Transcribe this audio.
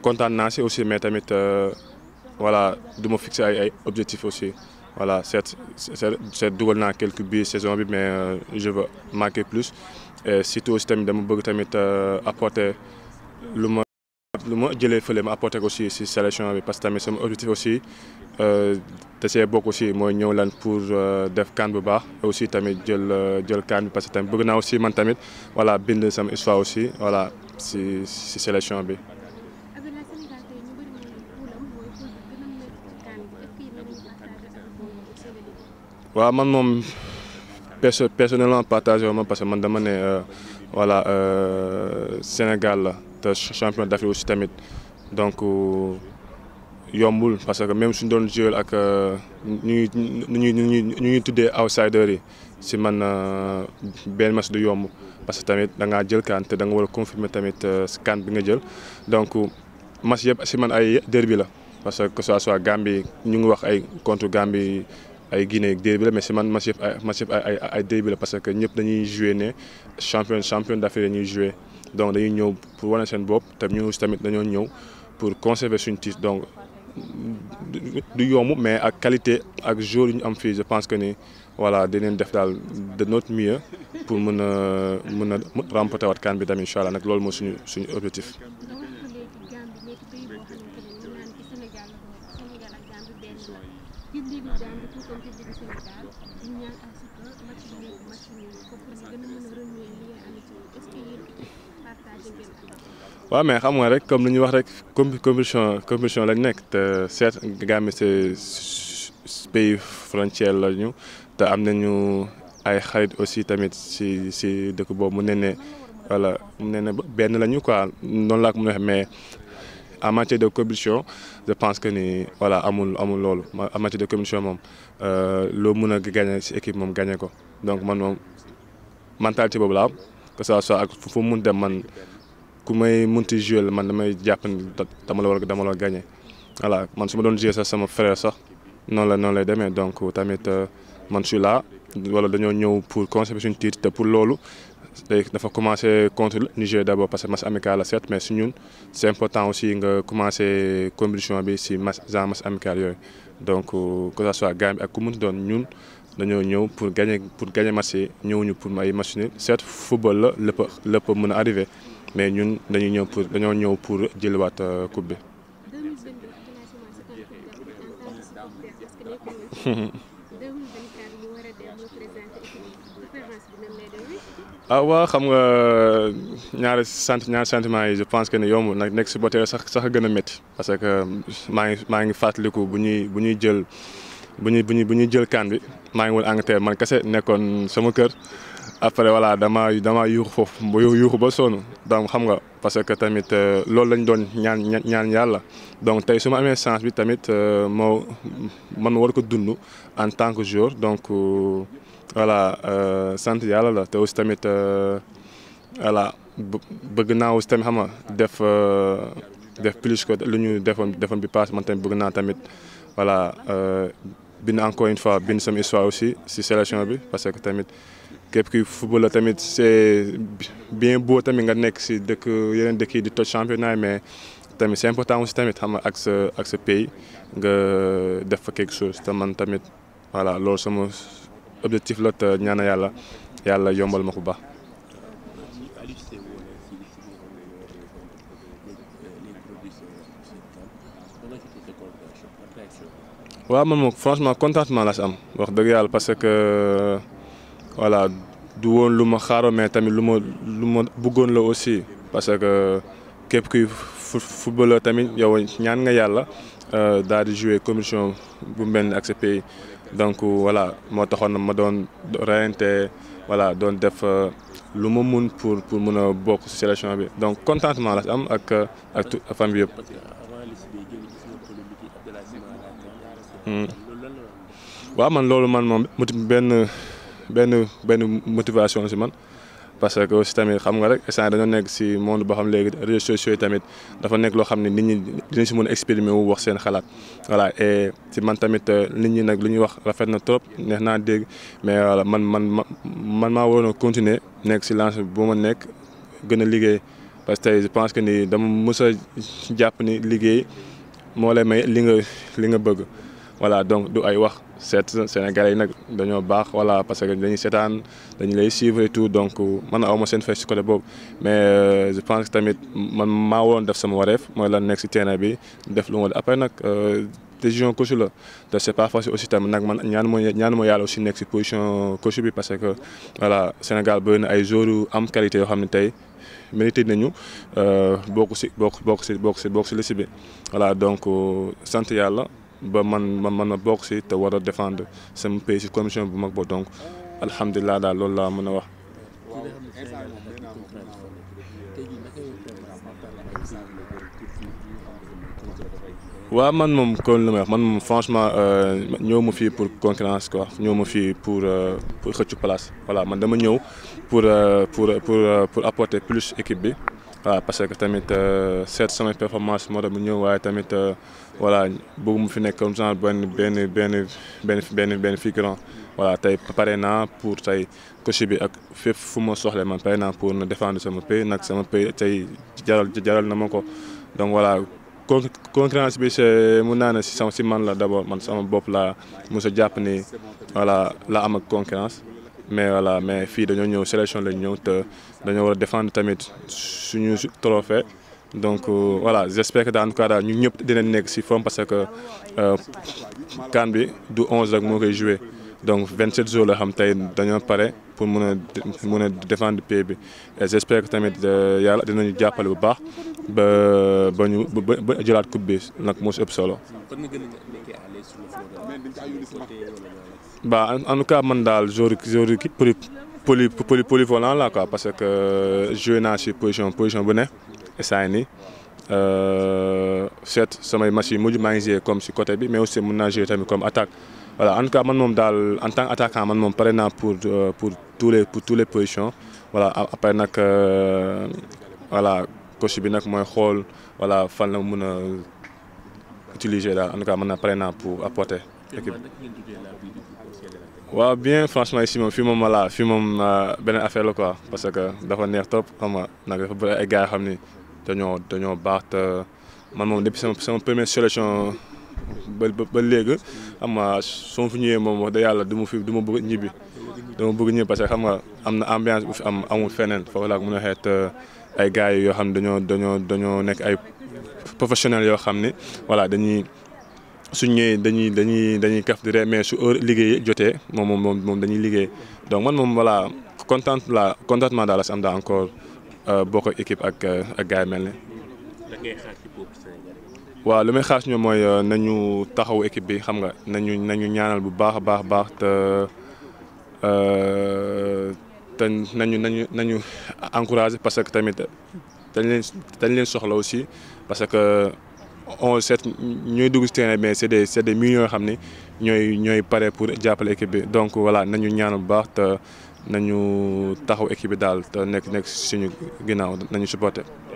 kontaan naa si aussi mais tamit euh, voilà du ma fixé ay ay objectifs aussi voilà certes certes dugal naa quelques buts saison bi mais euh, je veux marquer plus et surtout aussi tamit dama bëgg tamit euh, apporter lu ma lu ma jëlee fële ma apporter aussi si sélection bi parce que tamit sama objectif aussi te see bokk aussi mooy ñëw lan pour def kan bu baax aussi tamit jël jël kan bi parce que tamit bëgg naa aussi man tamit voilà bind sama histoire aussi voilà si si sélection bi. waaw man moom perso personnellement partagé wu ma parce que man dama ne euh, voilà euh, Sénégal la te champion d'Afrique aussi tamit donc euh, yombul parce que même suñ doon jouer ak ñu ñuy ñu ñuy tuddee outsider yi si man benn match du yomb parce que tamit da ngaa jël kaan te da nga war a confirmer tamit kaan bi nga jël donc match yëpp si man ay derby la parce que que ça soit Gambie ñu ngi wax ay contre Gambie. ay Guinée derby la mais si man Massif ay Massif parce que ñëpp dañuy jouer ne champion champion d'Afrique dañuy jouer donc dañuy ñëw pour wane seen bopp te ñu tamit dañoo ñëw pour conserver suñu titre donc du yomb mais ak qualité ak joueur yu ñu am fii je pense que ni voilà dinañ def daal de notre mieux pour mën a mën a remporter waat CAN bi tamit incha allah nag loolu moo suñu suñu objectif. tamit ñu naan waaw mais xam nga rek comme li ñu wax rek com compétition compétition lañ nekk te certes Gambie c'est pays frontière la ñu te am nañu ay xarit aussi tamit si si dëkk boobu mu ne ne mu ne benn lañu ñu noonu laa ko mën a wax mais en matier de compétition je pense que ni voilà amul amul loolu en matière de compétition moom euh, loo mun a gagné si équipe moom gagné ko donc man moom mentalité boobu la am que ça soit ak fu mu dem man ku may munti joué man damay jàpp ni dama la war dama la gagné voilà man su ma doon joué sax sama frère sax noonu la noonu lay demee donc tamit euh, man je suis wala dañoo ñëw pour conserver suñu titre te pour loolu. léegi dafa commencé contre Niger d' abord parce que match amical la certes mais si ñun c' important aussi nga commencé compétition bi si match genre match amical yooyu donc euh, que ça soit Gambie ak ku mu doon ñun dañoo ñëw pour gagner pour gagner match yi ñëwuñu pour ay machine ni certes football la lépp lépp mën a arriver mais ñun dañuy ñëw pour dañoo ñëw pour jëliwaat euh, coupe bi. ah waaw xam nga ñaari sant ñaari sentiment yi je pense que ne yomb nag nekk si boo boteer sax sax a gën a métti parce que euh, maa ngi maa ngi fàttaliku bu ñuy bu ñuy jël bu ñuy bu ñuy bu ñuy jël kan bi maa ngi woon Angleterre man kese nekkoon sama kër après voilà dama damaa yuuxu foofu ba yuuxu ba sonn donc xam nga parce que tamit euh, loolu lañ doon ñaan ñaan yàlla donc tey su ma amee chance bi tamit euh, moo man war ko dund en tant que joueur donc. voilà euh, sant yàlla la te aussi tamit euh, voilà bëgg naa aussi tamit xam nga def euh, def plus que lu ñuy defoon defoon bi passe man tamit bëgg naa tamit voilà bind encore une fois bind sama histoire aussi si sélection bi parce que tamit képp ki football la tamit c'est bien beau tamit nga nekk si dëkk yeneen dëkk di toj championnat yi mais tamit c'est important aussi tamit xam nga ak sa ak sa pays nga def fa quelque chose te man tamit voilà loolu sama. objectif la te ñaan yàlla yàlla yombal ma ko baax. waaw man moom franchement contentement laa si am wax dëgg yàlla parce que voilà du woon lu ma xaaroon mais tamit lu ma lu ma la aussi parce que. képp kuy footballeur tamit yow ñaan nga yàlla euh, daal di jouer commission bu mel ni ak sa pays donc voilà moo taxoon na ma doon reyante voilà doon def euh, lu ma mun pour pour mun a bokk si sélection bi donc contentement la am ak euh, ak tout famille yëpp. Hmm. waaw man loolu man moom benn benn benn motivation si man. parce que aussi tamit xam nga rek instant dañoo nekk si monde boo xam léegi réseaux sociaux yi tamit dafa nekk loo xam ne nit ñi dinañ si mën a exprimer wu seen xalaat voilà et si man tamit euh, nit ñi nag lu ñuy wax rafet na trop neex naa dégg mais voilà man man ma man maa waroon a continuer nekk si lance bu ma nekk gën a liggéey parce que tey je pense que nii dama mës a jàpp ni liggéey moo lay may li nga li nga bëgg voilà donc du ay wax seet Sénégalais yi nag dañoo baax voilà parce que dañuy seetaan dañu lay suivre et tout donc man awma seen fay si côté boobu mais euh, je pense que tamit man maa woon def sama wareef mooy la nekk si terrain bi def lu ma après nag euh, décision coach la te c'est pas facile aussi tamit nag man ñaan moo ñaan moo yàlla aussi nekk si position coach bi parce que voilà Sénégal bëri na ay joueurs am qualité yoo xam ne tey mérité nañu euh, bokk si bokk bokk si bokk si bokk si liste bi voilà donc sant yàlla ba man ma mën a bokk si te war a défendre sama pays commission bu mag boo donc alhamdulilah daal loolu laa mën a wax. waaw man moom kon li may wax man moom franchement euh, ñëw ma fii pour concurrence quoi ñëw ma fii pour euh, pour xëccu place voilà man dama ñëw pour euh, pour pour pour apporter plus équipe bi. waaw ah, parce que tamit euh, seet sama performance moo tax mu ñëw waaye tamit euh, voilà bëgg mu fi nekk comme genre benn benn benn benn benn benn figurant voilà tey pare naa pour tey coach bi ak fépp fu ma soxle man pare naa pour na défendre sama pays nag sama pays tey jaral jaral na ma ko donc voilà con concurrence bi c'est mun naa ne si sama si man la d'abord man sama bopp laa mos a jàpp ni voilà la am ak concurrence mais voilà mais fii dañoo ñëw sélection lañ ñëw te dañoo war a défendre tamit suñu trophée donc euh, voilà j'espère daan en ñu ñëpp dinañ nekk si forme parce que euh, CAN bi du onze rek moo koy joué donc 27 jours la xam tey dañoo pare pour mun a mun a défendre pays bi et j'espère tamit euh, yàlla dinañu jàppale bu baax ba ba ba ba coupe bi nag moo si ëpp solo. Bah, en, en, tout cas, je suis poly, poly, poly, polyvolant là, quoi, parce que je suis chez position, position bonnet, et ça ni euh, certes, ça m'a machine, je comme sur côté, mais aussi mon jouer comme attaque. Voilà, en tout cas, man, dal, en tant qu'attaquant, je suis moom pare euh, pour, tous les, pour tous les positions. Voilà, après, nak, euh, voilà, coach bi nak mooy xol voilà fan la mëna utiliser là en tout cas pare paré pour apporter équipe waaw bien franchement ici moom fii moom voilà fii moom euh, beneen affaire la quoi parce que dafa neex trop xam nga nag dafa bëri ay gars yoo xam ni dañoo dañoo baax te man moom depuis sama sama première sélection ba léegi xam nga su fi ñëwee moom wax da yàlla du mu fi du ma bëgg ñibbi dama bëgg ñibbi parce que xam am na ambiance bu fi am amul feneen foofu laa ko mën a xeet ay gars yoo xam ne dañoo dañoo dañoo nekk ay professionnels yoo xam ni voilà dañuy. suñ ñëwee dañuy dañuy dañuy kaf di mais su heure liggéey jotee moom moom moom dañuy liggéey donc man moom voilà content la contentement daal la si am daal encore euh, boo ko équipe ak euh, ak gars yi mel ne. waaw lu may xaas ñoom mooy euh, nañu taxaw équipe bi xam nga nañu nañu ñaanal bu baax a baax baax te te nañu nañu nañu parce que tamit dañ leen dañ leen soxla aussi parce que. on seet ñooy dugg si terrain mais c' est des c' est des yoo xam ni ñooy ñooy pare pour jàppale équipe bi donc voilà nañu ñaan bu baax te nañu taxaw équipe bi daal te nekk nekk suñu ginnaaw nañu supporter.